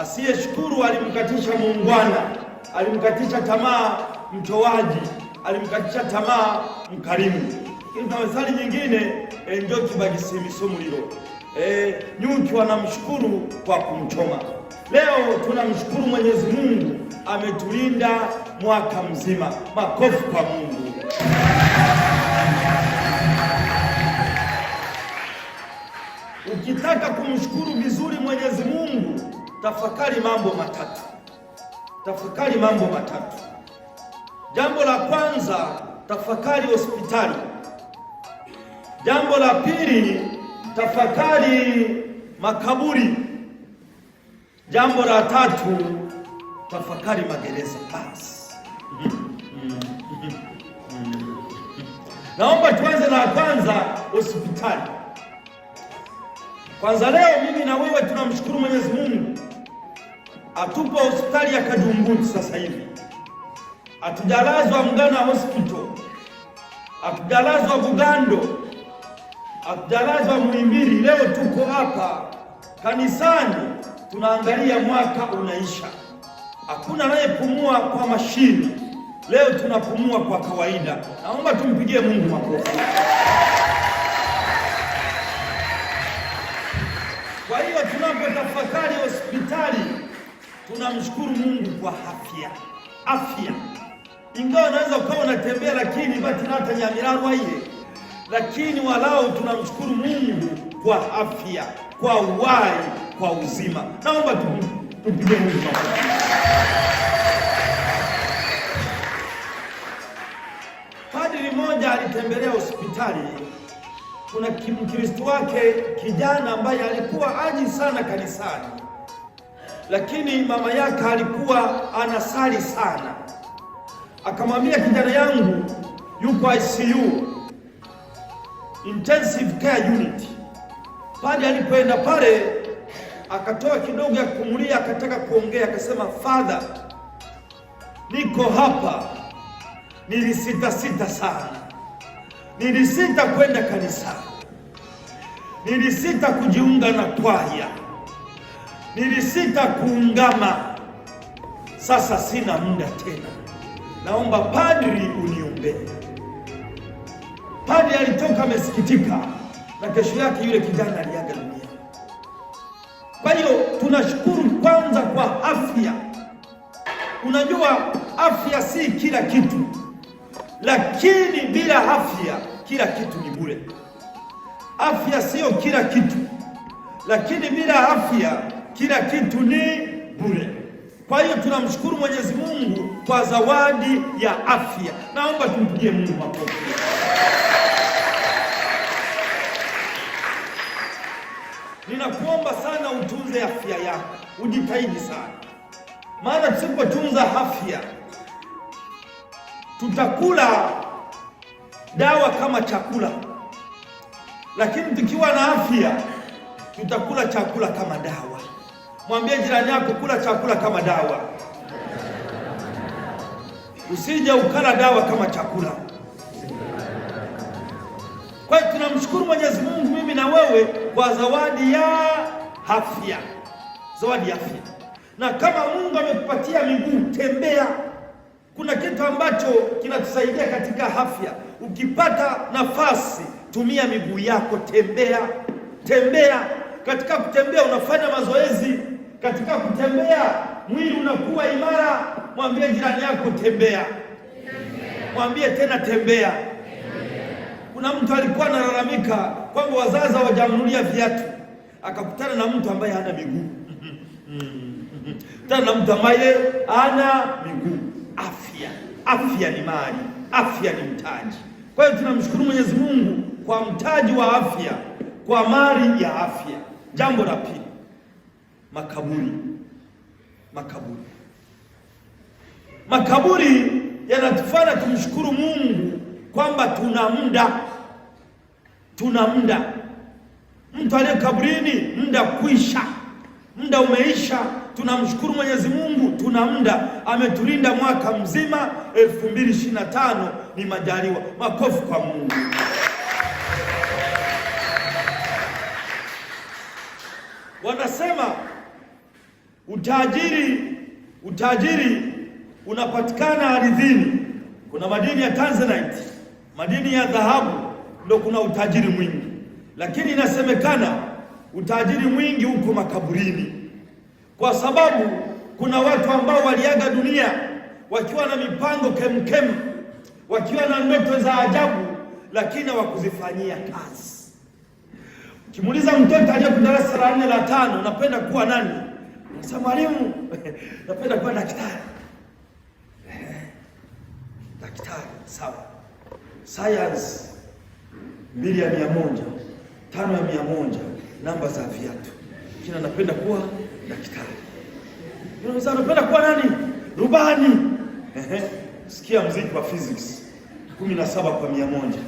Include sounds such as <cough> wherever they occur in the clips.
Asiyeshukuru alimkatisha muungwana, alimkatisha tamaa mtoaji, alimkatisha tamaa mkarimu. Lakini tuna methali nyingine, enjoki eh, bagisimisa umuliro, e, eh, nyuki wanamshukuru kwa kumchoma. Leo tunamshukuru Mwenyezi Mungu, ametulinda mwaka mzima. Makofi kwa Mungu. Ukitaka kumshukuru vizuri Mwenyezi Mungu tafakari mambo matatu, tafakari mambo matatu. Jambo la kwanza, tafakari hospitali. Jambo la pili, tafakari makaburi. Jambo la tatu, tafakari magereza pass. <laughs> Naomba tuanze na kwanza, hospitali. Kwanza leo mimi na wewe tunamshukuru Mwenyezi Mungu atupo hospitali ya Kajunguti sasa hivi, atujalazwa Mgana hospital, atujalazwa Bugando, atujalazwa Muhimbili. Leo tuko hapa kanisani tunaangalia mwaka unaisha, hakuna anayepumua kwa mashini. Leo tunapumua kwa kawaida. Naomba tumpigie Mungu makofi. Kwa hiyo tunapotafakari hospitali tunamshukuru Mungu kwa afya afya, ingawa unaweza ukawa unatembea, lakini ile, lakini walau tunamshukuru Mungu kwa afya, kwa uhai, kwa uzima. Naomba tupige Mungu. Padri mmoja alitembelea hospitali, kuna kimkristo wake kijana ambaye alikuwa aji sana kanisani lakini mama yake alikuwa anasali sana. Akamwambia, kijana yangu yuko ICU, intensive care unit. Pale alipoenda pale, akatoa kidogo ya kumulia, akataka kuongea, akasema Father, niko hapa, nilisitasita sana, nilisita kwenda kanisa nilisita kujiunga na kwaya nilisita kuungama, sasa sina muda tena, naomba padri uniombee. Padri alitoka amesikitika, na kesho yake yule kijana aliaga dunia. Kwa hiyo tunashukuru kwanza kwa afya. Unajua afya si kila kitu, lakini bila afya kila kitu ni bure. Afya siyo kila kitu, lakini bila afya kila kitu ni bure. Kwa hiyo tunamshukuru Mwenyezi Mungu kwa zawadi ya afya. Naomba tumpigie Mungu makofi. Ninakuomba sana utunze afya yako, ujitahidi sana, maana tusipotunza afya tutakula dawa kama chakula, lakini tukiwa na afya tutakula chakula kama dawa. Mwambie jirani yako, kula chakula kama dawa, usije ukala dawa kama chakula. Kwa hiyo tunamshukuru Mwenyezi Mungu, mimi na wewe, kwa zawadi ya afya, zawadi ya afya. Na kama Mungu amekupatia miguu, tembea. Kuna kitu ambacho kinatusaidia katika afya. Ukipata nafasi, tumia miguu yako, tembea, tembea. Katika kutembea unafanya mazoezi katika kutembea, mwili unakuwa imara. Mwambie jirani yako tembea, mwambie tena tembea. Kuna mtu alikuwa analalamika kwamba wazazi hawajamnunulia viatu, akakutana na mtu ambaye hana miguu tena na mtu ambaye ana miguu. Afya, afya ni mali, afya ni mtaji. Kwa hiyo tunamshukuru Mwenyezi Mungu kwa mtaji wa afya, kwa mali ya afya. Jambo la pili makaburi. Makaburi, makaburi yanatufanya tumshukuru Mungu kwamba tuna muda, tuna muda. Mtu aliye kaburini, muda kuisha muda umeisha. Tunamshukuru Mwenyezi Mungu, tuna muda, ametulinda mwaka mzima 2025 ni majaliwa. Makofi kwa Mungu. Wanasema Utajiri, utajiri unapatikana ardhini. Kuna madini ya tanzanite, madini ya dhahabu, ndio kuna utajiri mwingi, lakini inasemekana utajiri mwingi uko makaburini, kwa sababu kuna watu ambao waliaga dunia wakiwa na mipango kemkem, wakiwa na ndoto za ajabu, lakini hawakuzifanyia kazi. Ukimuuliza mtoto aliyepo darasa la nne la tano, unapenda kuwa nani? Sasa mwalimu, <laughs> napenda kuwa daktari. Eh, daktari, sawa. Science mbili ya mia moja tano ya mia moja namba za viatu, kina napenda kuwa daktari. Napenda kuwa nani? Rubani. Sikia mziki wa physics kumi na saba kwa mia moja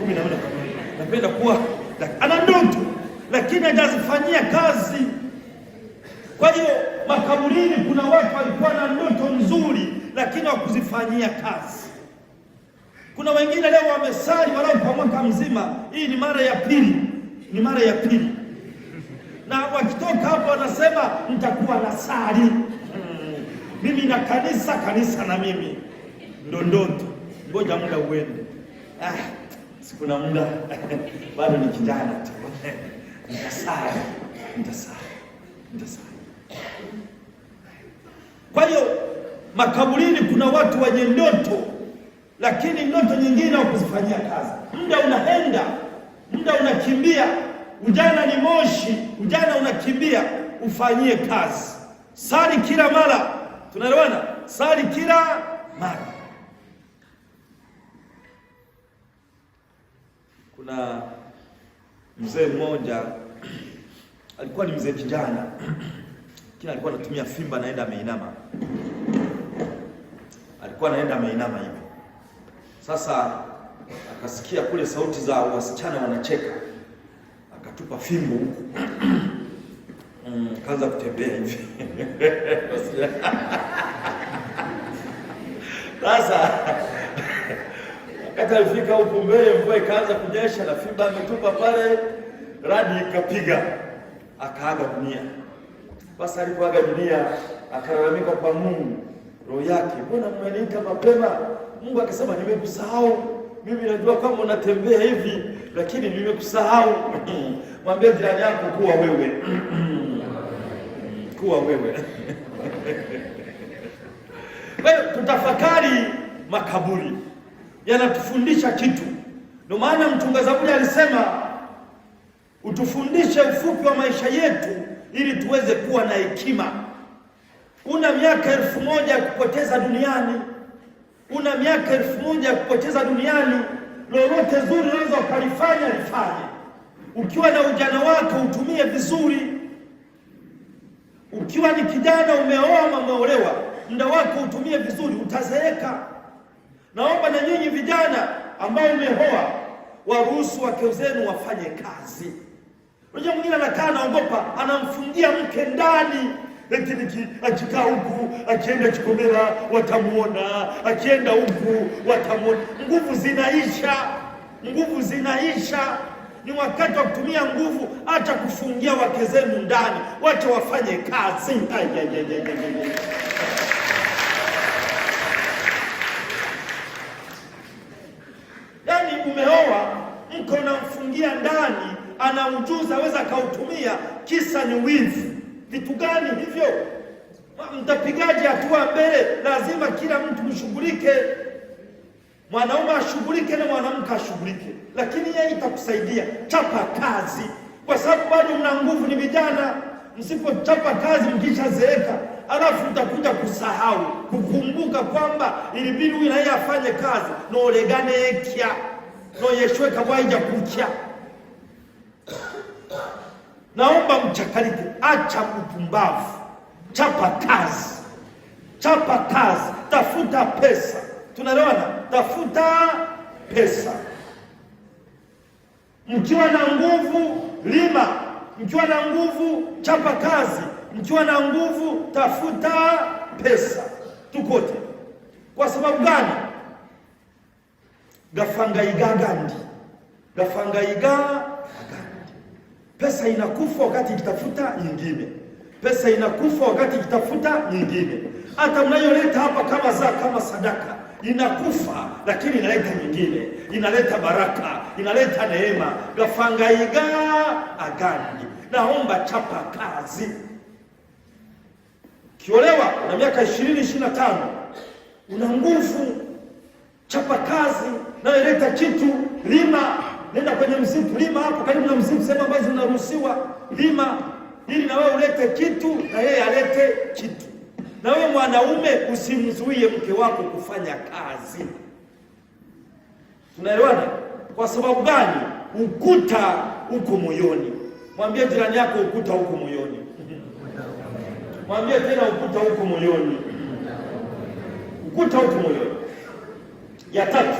kumi na moja Napenda kuwa daktari, ana ndoto lakini hajazifanyia kazi. Kwa hiyo makaburini kuna watu walikuwa na ndoto nzuri, lakini wakuzifanyia kazi. Kuna wengine leo wamesali walau kwa mwaka mzima, hii ni mara ya pili, ni mara ya pili, na wakitoka hapo wanasema nitakuwa na sali hmm. mimi na kanisa kanisa na mimi ndo ndoto. Ngoja muda uende. Ah, sikuna muda <laughs> bado ni kijana tu <laughs> nitasali nitasali nitasali. Kwa hiyo makaburini kuna watu wenye ndoto, lakini ndoto nyingine hukuzifanyia kazi. Muda unaenda, muda unakimbia, ujana ni moshi, ujana unakimbia. Ufanyie kazi, sali kila mara. Tunaelewana? Sali kila mara. Kuna mzee mmoja alikuwa ni mzee kijana, lakini alikuwa anatumia fimba naenda ameinama alikuwa anaenda ameinama hivyo. Sasa akasikia kule sauti za wasichana wanacheka, akatupa fimbo <clears throat> mm, kaanza kutembea hivi <laughs> sasa wakati alifika huku mbele, mvua ikaanza kunyesha na fimba ametupa pale, radi ikapiga, akaaga dunia. Basi alipoaga dunia akalalamika kwa Mungu roho yake, mbona mmeniita mapema? Mungu akasema nimekusahau mimi, najua kama unatembea hivi, lakini nimekusahau. <laughs> Mwambie jirani yako kuwa wewe <laughs> kuwa wewe <laughs> hiyo Tutafakari, makaburi yanatufundisha kitu. Ndio maana mtunga zaburi alisema utufundishe ufupi wa maisha yetu, ili tuweze kuwa na hekima Una miaka elfu moja ya kupoteza duniani, una miaka elfu moja ya kupoteza duniani. Lolote zuri unaweza ukalifanya, lifanye. Ukiwa na ujana wako utumie vizuri. Ukiwa ni kijana umeoa, umeolewa, muda wako utumie vizuri, utazeeka. Naomba na nyinyi vijana ambao umeoa, waruhusu wake zenu wafanye kazi. Unajua mwingine anakaa anaogopa, anamfungia mke ndani eti niki huku akienda chikomera watamwona, akienda huku watamuona Nguvu zinaisha, nguvu zinaisha. Ni wakati wa kutumia nguvu, hata kufungia wake zenu ndani, wacha wafanye kazi. Yani umeoa mko namfungia ndani, anaujuza aweza akautumia, kisa ni wivu vitu gani hivyo? Mtapigaje hatua mbele? Lazima kila mtu mshughulike, mwanaume ashughulike na mwanamke ashughulike, lakini yeye itakusaidia. Chapa kazi, kwa sababu bado mna nguvu, ni vijana. Msipochapa kazi, mkishazeeka alafu utakuja kusahau kukumbuka kwamba ilibidi huyu naye afanye kazi noleganeekya noyeshweka waija kukya Naomba mchakalike, acha upumbavu, chapa kazi, chapa kazi, tafuta pesa. Tunaelewana? Tafuta pesa. Mkiwa na nguvu lima, mkiwa na nguvu chapa kazi, mkiwa na nguvu tafuta pesa. Tukote kwa sababu gani? gafangaiga gandi gafangaiga Pesa inakufa wakati ikitafuta nyingine, pesa inakufa wakati ikitafuta nyingine. Hata mnayoleta hapa kama za kama sadaka inakufa, lakini inaleta nyingine, inaleta baraka, inaleta neema. gafangaiga agandi naomba chapa kazi. kiolewa na miaka ishirini ishirini na tano una nguvu, chapa kazi, nayoleta kitu lima nenda kwenye msitu, lima hapo karibu na msitu, sema ambazo zinaruhusiwa lima, ili na wewe ulete kitu na yeye alete kitu. Na wewe mwanaume usimzuie mke wako kufanya kazi. Tunaelewana? Kwa sababu gani? Ukuta uko moyoni. Mwambie jirani yako, ukuta uko moyoni. Mwambie tena, ukuta uko moyoni. Ukuta uko moyoni. Ya tatu,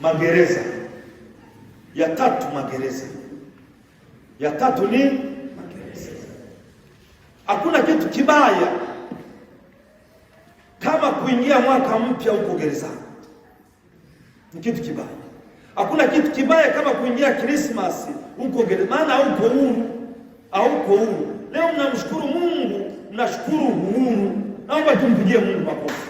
magereza ya tatu magereza, ya tatu ni magereza. Hakuna kitu kibaya kama kuingia mwaka mpya huko gerezani, ni kitu kibaya. Hakuna kitu kibaya kama kuingia Christmas huko gereza, maana huko huru, hauko huru. Leo mnamshukuru Mungu, mnashukuru uhuru. Naomba tumpigie Mungu makofi.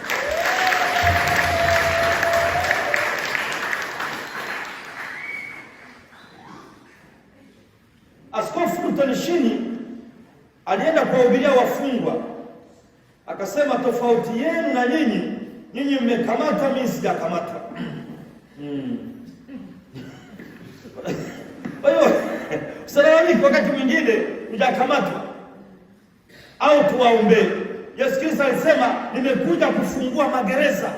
tofauti yenu na nyinyi, nyinyi mmekamata, mimi sijakamata. Hmm. Kwa hiyo usilalamike wakati mwingine hujakamatwa, au tuwaombee. Yesu Kristo alisema nimekuja kufungua magereza,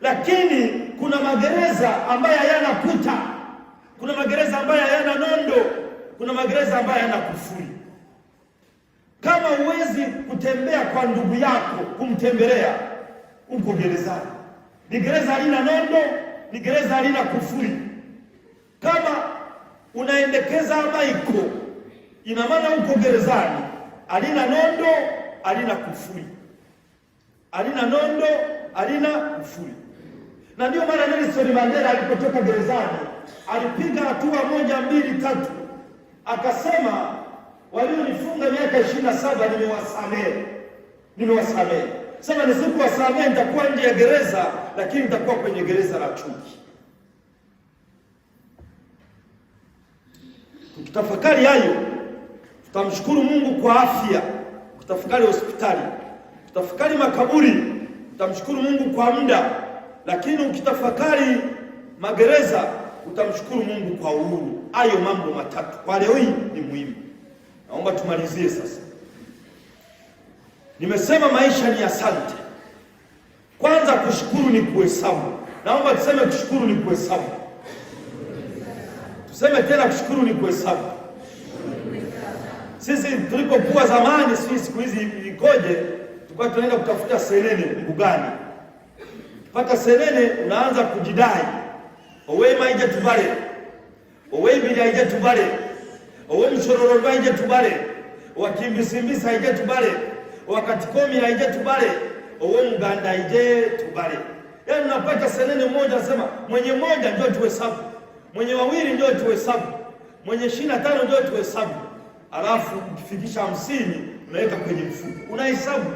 lakini kuna magereza ambayo hayana kuta, kuna magereza ambayo hayana nondo, kuna magereza ambayo hayana kufuli kama huwezi kutembea kwa ndugu yako kumtembelea, uko gerezani. Ni gereza lina nondo, ni gereza lina kufuli Kama unaendekeza maiko, ina maana uko gerezani, alina nondo, alina kufuli alina nondo, alina kufuli Na ndio maana Nelson Mandela alipotoka gerezani alipiga hatua moja, mbili, tatu, akasema walionifunga miaka ishirini na saba nimewasamehe, nimewasamehe. Sasa nisipowasamehe nitakuwa nje ya gereza, lakini nitakuwa kwenye gereza la chuki. Tukitafakari hayo, tutamshukuru Mungu kwa afya, kutafakari hospitali, kutafakari makaburi, utamshukuru Mungu kwa muda, lakini ukitafakari magereza utamshukuru Mungu kwa uhuru. Hayo mambo matatu kwa leo hii ni muhimu. Naomba tumalizie sasa. Nimesema maisha ni asante. Kwanza kushukuru ni kuhesabu. Naomba tuseme kushukuru ni kuhesabu. Tuseme tena kushukuru ni kuhesabu. Sisi tulipokuwa zamani, sisi siku hizi ikoje? Tulikuwa tunaenda kutafuta selene mbugani, pata selene, unaanza kujidai, owe maija tubale, owe bila ija tuvale ow'emicholololwa aije tubare wakimbisimbisa aije tubare owakatikomia aijje tubale ow'omuganda aijje tubale. Yaani napata senene mmoja anasema mwenye moja ndio tuhesabu, mwenye wawili ndio tuhesabu, mwenye ishirini na tano ndio tuhesabu, alafu ukifikisha hamsini unaweka kwenye mfuko unahesabu.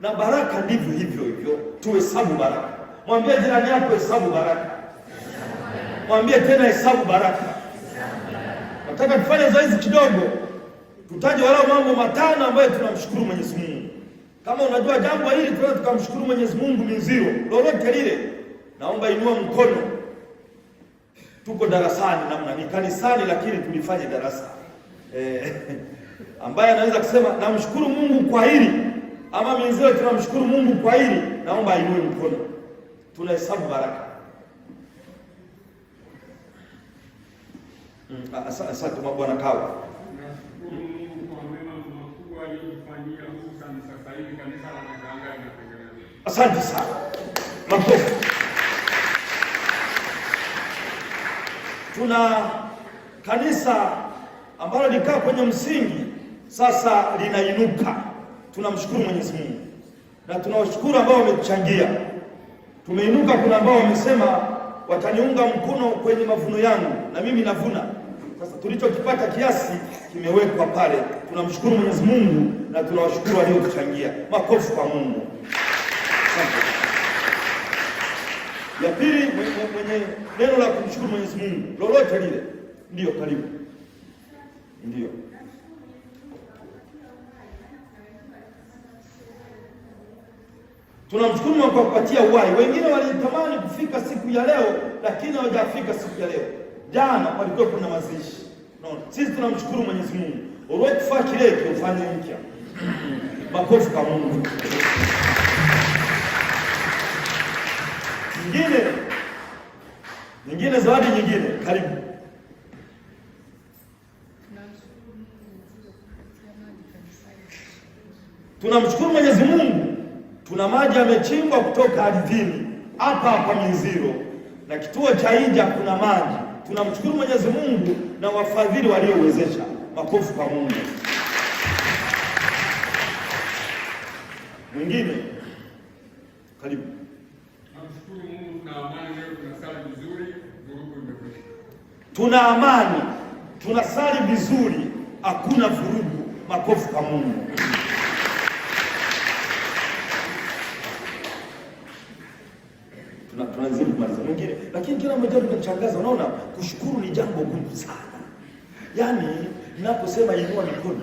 Na baraka ndivyo hivyo hivyo, tuhesabu baraka. Mwambie jirani yako hesabu baraka, mwambie tena hesabu baraka nataka tufanye zoezi kidogo, tutaje walau mambo matano ambayo tunamshukuru Mwenyezi Mungu. Kama unajua jambo hili tunaweza tukamshukuru Mwenyezi Mungu mizio lolote lile, naomba inua mkono. Tuko darasani namna ni kanisani, lakini tulifanye darasa eh, <laughs> ambaye anaweza kusema namshukuru Mungu kwa hili ama mizio tunamshukuru Mungu kwa hili, naomba inue mkono, tunahesabu baraka Mm. Asante Bwana kawa Asante sana. Makofi. Tuna kanisa ambalo likaa kwenye msingi sasa linainuka. Tunamshukuru Mwenyezi Mungu na tunawashukuru ambao wamekuchangia. Tumeinuka, kuna ambao wamesema wataniunga mkono kwenye mavuno yangu, na mimi navuna sasa tulichokipata kiasi kimewekwa pale. Tunamshukuru Mwenyezi Mungu na tunawashukuru waliokuchangia. Makofi kwa Mungu. Ya pili, mwenye neno la kumshukuru Mwenyezi Mungu lolote lile, ndio karibu, ndio tunamshukuru kwa kupatia uhai. Wengine walitamani kufika siku ya leo, lakini hawajafika siku ya leo Jana palikuwa kuna mazishi. Unaona? Sisi tunamshukuru Mwenyezi Mungu. Ulichofanya kile ufanye mpya. Makofi kwa Mungu. Nyingine nyingine, zawadi nyingine, karibu. Tunamshukuru Mwenyezi Mungu, tuna maji yamechimbwa kutoka ardhini hapa hapa Minziro na kituo cha Inja kuna maji tunamshukuru Mwenyezi Mungu na wafadhili waliowezesha. Makofi kwa Mungu. Mwingine karibu. Namshukuru Mungu, tuna amani leo, tunasali vizuri, vurugu imekwisha. Tuna amani, tunasali vizuri, hakuna vurugu. Makofi kwa Mungu. tunazidi kumaliza mwingine, lakini kila mmoja tunachangaza. Unaona, kushukuru ni jambo gumu sana. Yaani ninaposema inua mikono,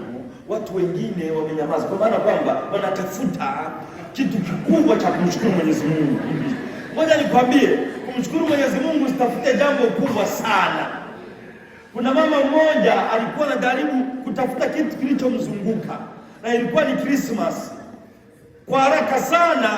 watu wengine wamenyamaza, kwa maana kwamba wanatafuta kitu kikubwa cha kumshukuru Mwenyezi Mungu. Ngoja nikwambie, kumshukuru Mwenyezi Mungu usitafute jambo kubwa sana. Kuna mama mmoja alikuwa anajaribu kutafuta kitu kilichomzunguka na ilikuwa ni Christmas. Kwa haraka sana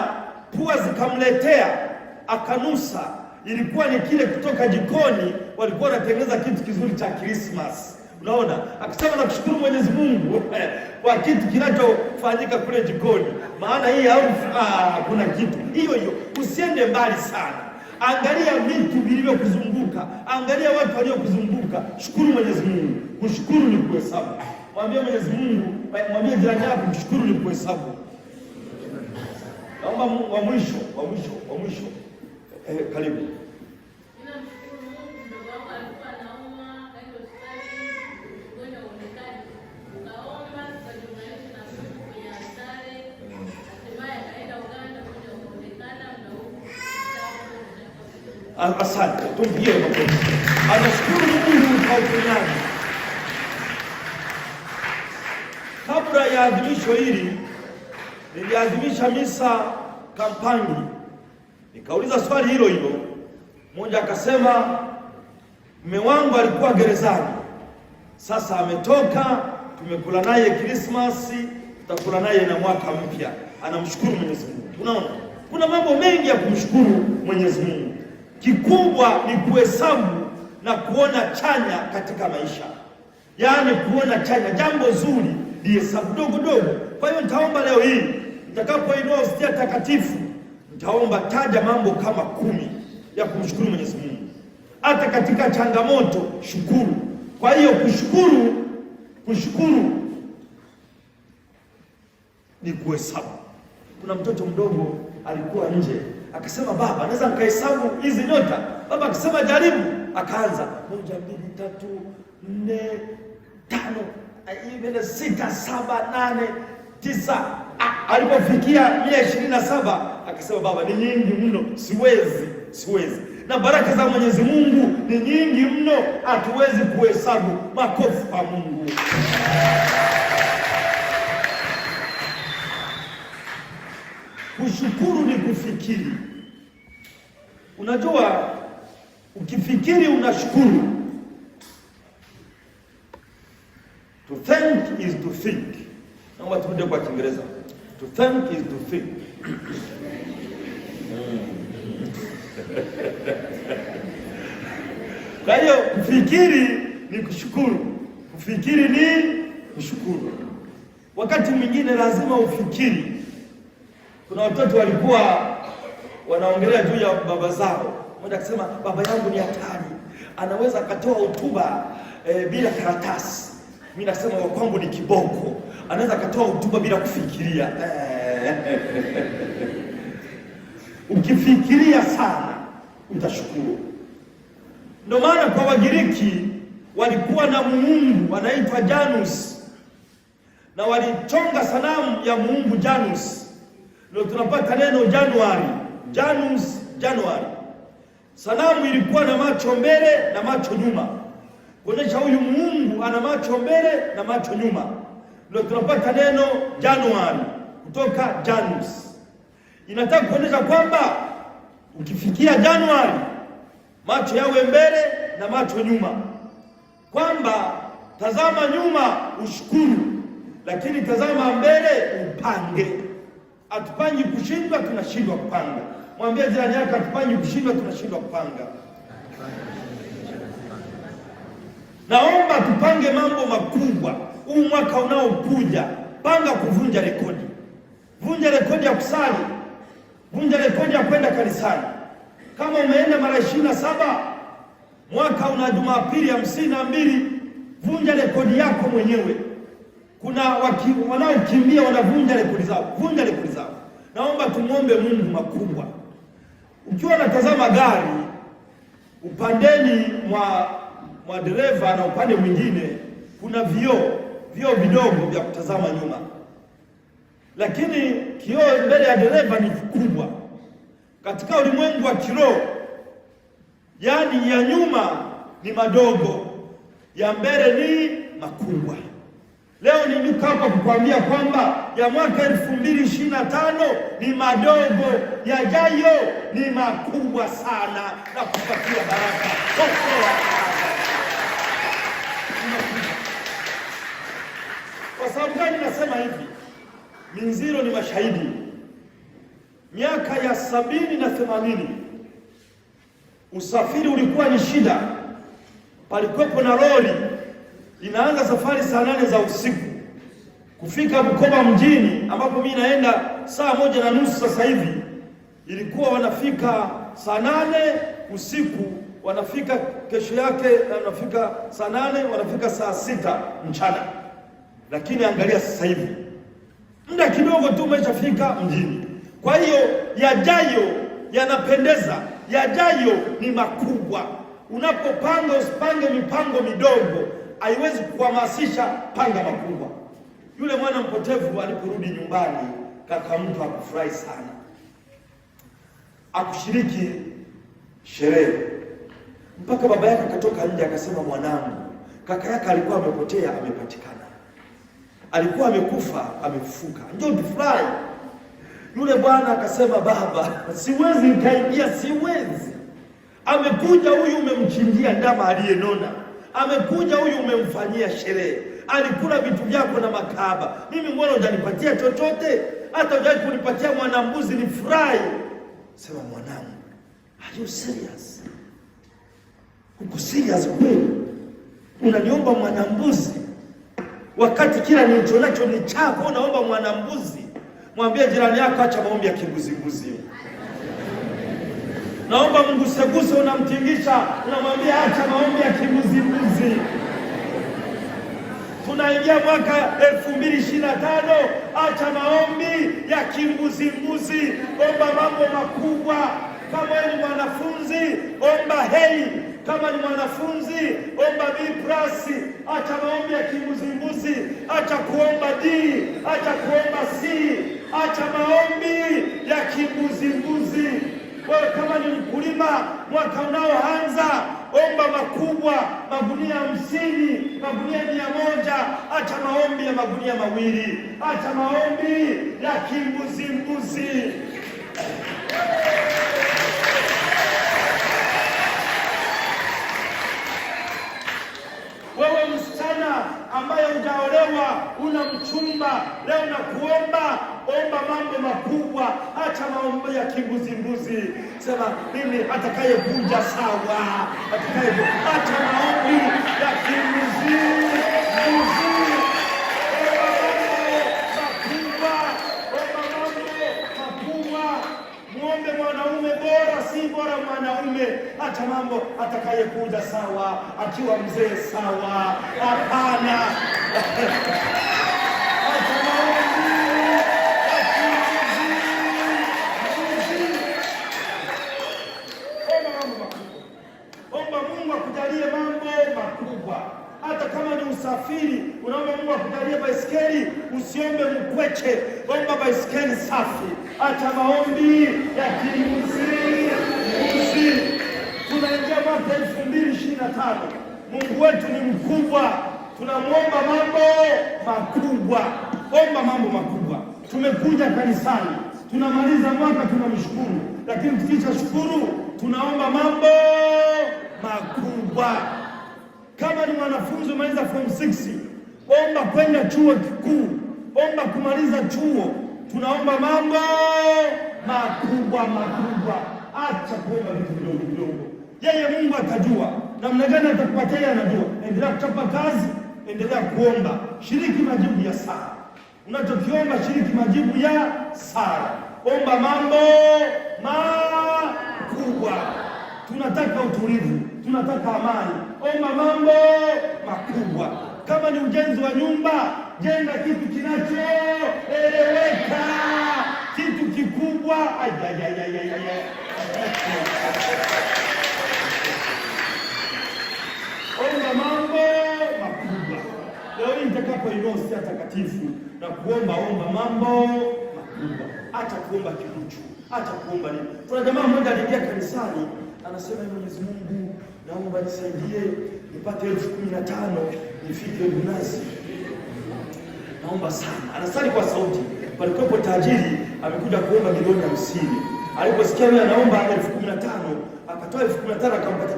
pua zikamletea akanusa, ilikuwa ni kile kutoka jikoni, walikuwa wanatengeneza kitu kizuri cha Christmas. Unaona, akisema na kushukuru Mwenyezi Mungu <laughs> kwa kitu kinachofanyika kule jikoni, maana hii harufu, ah, kuna kitu hiyo hiyo. Usiende mbali sana, angalia vitu vilivyokuzunguka, angalia watu waliokuzunguka. Shukuru Mwenyezi Mungu. Kushukuru ni kuhesabu. Mwambie Mwenyezi Mungu, mwambie jirani yako, kushukuru ni kuhesabu. Naomba wa mwisho wa mwisho wa mwisho Eh, karibu. Ah, asante, tumpigie makofi. Anashukuru Mungu kwa uponyaji. Kabla ya adhimisho hili niliadhimisha misa Kampani Kauliza swali hilo hilo, mmoja akasema mume wangu alikuwa gerezani, sasa ametoka, tumekula naye Krismasi, tutakula naye na mwaka mpya, anamshukuru Mwenyezi Mungu. Unaona, kuna mambo mengi ya kumshukuru Mwenyezi Mungu. Kikubwa ni kuhesabu na kuona chanya katika maisha, yaani kuona chanya, jambo zuri lihesabu dogo dogo. Kwa hiyo nitaomba leo hii nitakapoinua hostia takatifu taomba, taja mambo kama kumi ya kumshukuru Mwenyezi Mungu. Hata katika changamoto shukuru. Kwa hiyo kushukuru, kushukuru ni kuhesabu. Kuna mtoto mdogo alikuwa nje akasema, baba, naweza nikahesabu hizi nyota? Baba akasema jaribu. Akaanza moja, mbili, tatu, nne, tano, imeenda sita, saba, nane, tisa. Alipofikia mia ishirini na saba akisema, Baba ni nyingi mno, siwezi, siwezi. Na baraka za Mwenyezi Mungu ni nyingi mno, hatuwezi kuhesabu. Makofi kwa Mungu. Kushukuru ni kufikiri. Unajua, ukifikiri unashukuru. To thank is to think. Naomba turudi kwa Kiingereza. To thank is to think <laughs> Kwa hiyo kufikiri ni kushukuru, kufikiri ni kushukuru. Wakati mwingine lazima ufikiri. Kuna watoto walikuwa wanaongelea juu ya baba zao, mmoja akasema baba yangu ni hatari, anaweza akatoa hotuba e, bila karatasi. Mimi nasema wa kwangu ni kiboko, anaweza akatoa hotuba bila kufikiria <laughs> eh. Ukifikiria sana utashukuru. Ndio maana kwa Wagiriki walikuwa na muungu anaitwa Janus, na walichonga sanamu ya muungu Janus, ndio tunapata neno Januari. Janus, Januari. Sanamu ilikuwa na macho mbele na macho nyuma, kuonyesha huyu muungu ana macho mbele na macho nyuma, ndio tunapata neno Januari kutoka Janus inataka kuonyesha kwamba ukifikia Januari macho yawe mbele na macho nyuma, kwamba tazama nyuma ushukuru, lakini tazama mbele upange. Hatupangi kushindwa, tunashindwa kupanga. Mwambie jirani yako, hatupangi kushindwa, tunashindwa kupanga. Naomba tupange mambo makubwa huu mwaka unaokuja. Panga kuvunja rekodi, vunja rekodi ya kusali vunja rekodi kwenda kanisani. Kama umeenda mara ishirini na saba mwaka una jumapili hamsini na mbili vunja rekodi yako mwenyewe. Kuna wanaokimbia wanavunja rekodi zao, vunja rekodi zao. Naomba tumwombe Mungu makubwa. Ukiwa unatazama gari upandeni mwa, mwa dereva na upande mwingine kuna vioo vioo vidogo vya kutazama nyuma. Lakini kioo mbele ya dereva ni kubwa katika ulimwengu wa kiroho, yaani ya nyuma ni madogo, ya mbele ni makubwa. Leo nijuka hapa kukwambia kwamba ya mwaka elfu mbili ishirini na tano ni madogo, yajayo ni makubwa sana na kupatia baraka kwa sababu gani nasema hivi? Minziro ni mashahidi. Miaka ya sabini na themanini usafiri ulikuwa ni shida, palikuwepo na lori linaanza safari saa nane za usiku kufika Bukoba mjini, ambapo mimi naenda saa moja na nusu sasa hivi, ilikuwa wanafika saa nane usiku, wanafika kesho yake wanafika saa nane, wanafika saa sita mchana. Lakini angalia sasa hivi muda kidogo tu umeshafika mjini. Kwa hiyo yajayo yanapendeza, yajayo ni makubwa. Unapopanga usipange mipango midogo, haiwezi kuhamasisha, panga makubwa. Yule mwana mpotevu aliporudi nyumbani, kaka mtu akufurahi sana, akushiriki sherehe, mpaka baba yake akatoka nje akasema, mwanangu, kaka yake alikuwa amepotea, amepatikana alikuwa amekufa amefufuka, njoo tufurahi. Yule bwana akasema, baba, siwezi nikaingia, siwezi. Amekuja huyu umemchinjia ndama aliyenona, amekuja huyu umemfanyia sherehe, alikula vitu vyako na makahaba. Mimi mbona hujanipatia chochote? Hata hujawahi kunipatia mwanambuzi nifurahi. Sema mwanangu, are you serious? Uko serious kweli? Unaniomba mwanambuzi wakati kila nacho ni chako. Unaomba mwanambuzi, mwambie jirani yako, acha maombi ya kiguzinguzi. Naomba mguseguse, unamtingisha, unamwambia acha maombi ya kiguzinguzi. Tunaingia mwaka elfu mbili ishirini na tano. Acha maombi ya kimbuzinguzi, omba mambo makubwa. Kama wewe ni mwanafunzi, omba heri kama ni mwanafunzi omba B plus, acha maombi ya kibuzimbuzi, acha kuomba D, acha kuomba C, acha maombi ya kibuzimbuzi. Wewe kama ni mkulima, mwaka unaoanza omba makubwa, magunia hamsini, magunia mia moja. Acha maombi ya magunia mawili, acha maombi ya kibuzimbuzi. Wewe msichana ambaye ujaolewa, una mchumba, leo nakuomba omba mambo makubwa, acha maombi ya kimbuzimbuzi. Sema mimi atakayevunja sawa, atakaye acha maombi ya kimbuzimbuzi. bora mwanaume hata mambo atakayekuja sawa, akiwa mzee sawa. Hapana, omba Mungu makubwa hata kama ni usafiri unaomba Mungu akutalie baisikeli, usiombe mkweche omba baisikeli safi. Hata maombi ya kimzii hii tunaingia mwaka elfu mbili ishirini na tano. Mungu wetu ni mkubwa, tunamwomba mambo makubwa, omba mambo makubwa. Tumekuja kanisani, tunamaliza mwaka tunamshukuru, lakini tukisha shukuru tunaomba mambo makubwa. Kama ni mwanafunzi umaliza form 6, omba kwenda chuo kikuu, omba kumaliza chuo. Tunaomba mambo makubwa makubwa acha kuomba vitu vidogo vidogo. Yeye Mungu atajua namna gani atakupatia, anajua. Endelea kuchapa kazi, endelea kuomba, shiriki majibu ya sala. Unachokiomba shiriki majibu ya sala, omba mambo makubwa. Tunataka utulivu, tunataka amani, omba mambo makubwa. Kama ni ujenzi wa nyumba, jenga kitu kinachoeleweka, kitu kikubwa. Ayayayayaya. Omba mambo makubwa. Leo hii nitakapoinua usia takatifu na kuomba, omba mambo makubwa, hata kuomba kiruchu, hata kuomba nini. Kuna jamaa mmoja aliingia kanisani, anasema ee Mwenyezi Mungu, naomba nisaidie nipate elfu kumi na tano nifike Mnazi, naomba sana. Anasali kwa sauti, palikuwepo tajiri amekuja kuomba milioni hamsini. Aliposikia yule anaomba elfu kumi na tano akatoa elfu kumi na tano akampata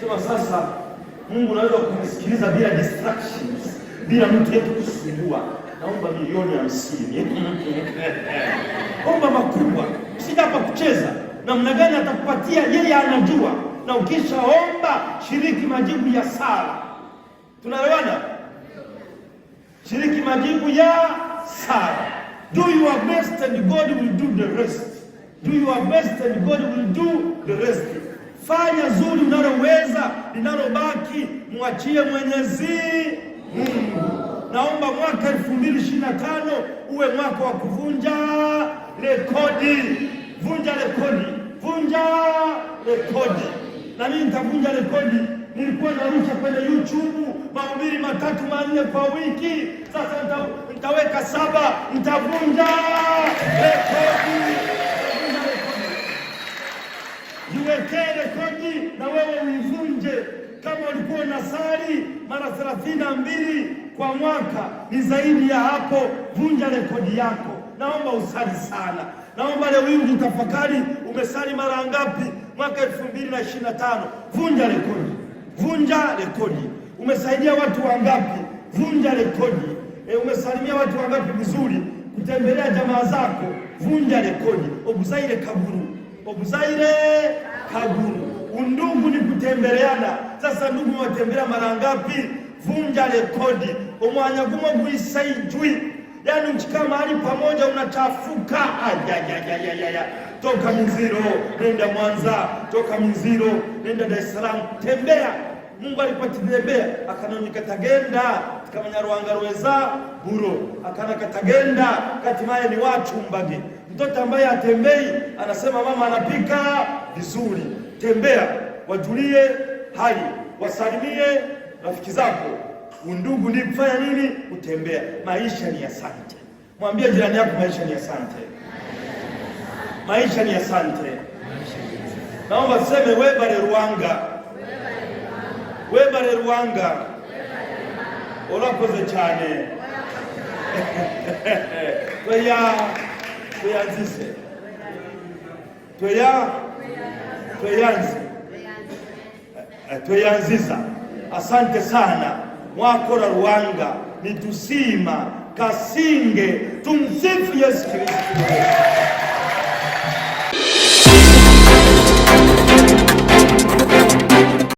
sema, sasa Mungu unaweza kunisikiliza bila distractions, bila mtu yetu kusumbua. Naomba milioni hamsini omba makubwa, sija hapa kucheza. Namna gani atakupatia yeye anajua, na ukishaomba shiriki majibu ya sala. Tunaelewana? Shiriki majibu ya sawa. Do your best and God will do the rest. Do your best and God will do the rest. Fanya zuri unaloweza, linalobaki mwachie Mwenyezi Mungu. Naomba mwaka 2025 uwe mwaka wa kuvunja rekodi. Vunja rekodi, vunja rekodi, na mimi nitavunja rekodi nilikuwa narusha kwenye YouTube mahubiri matatu manne kwa wiki, sasa nitaweka saba, nitavunja rekodi. Jiwekee rekodi na wewe uivunje. Kama ulikuwa unasali mara thelathini na mbili kwa mwaka, ni zaidi ya hapo, vunja rekodi yako. Naomba usali sana, naomba leo hii utafakari, umesali mara ngapi mwaka elfu mbili na ishirini na tano? Vunja rekodi vunja rekodi. Umesaidia watu wangapi? Vunja rekodi. E, umesalimia watu wangapi vizuri? Kutembelea jamaa zako, vunja rekodi. Obuzaire kaburu, obuzaire kaburu. Undugu ni kutembeleana. Sasa ndugu watembelea mara ngapi? Vunja rekodi. Omwanya gumo gwisaijwi, yani ukikaa mahali pamoja unachafuka. Ayayayayaya toka Miziro nenda Mwanza, toka Miziro nenda Dar es Salaam, tembea. Mungu alipatitembea akana kama nyaruanga rweza buro akana katagenda katimaye ni watu mbage. Mtoto ambaye atembei anasema mama anapika vizuri. Tembea, wajulie hali, wasalimie rafiki zako. Undugu ndi kufanya nini? Kutembea. Maisha ni asante. Mwambie jirani yako maisha ni asante. Maisha ni asante. Naomba tuseme webare Ruwanga, webare Ruwanga, urakoze cyane <laughs> tweya tweyanzise tweya tweyanzi tweyanziza asante sana mwakora Ruwanga nitusima kasinge tumsifu Yesu Kristo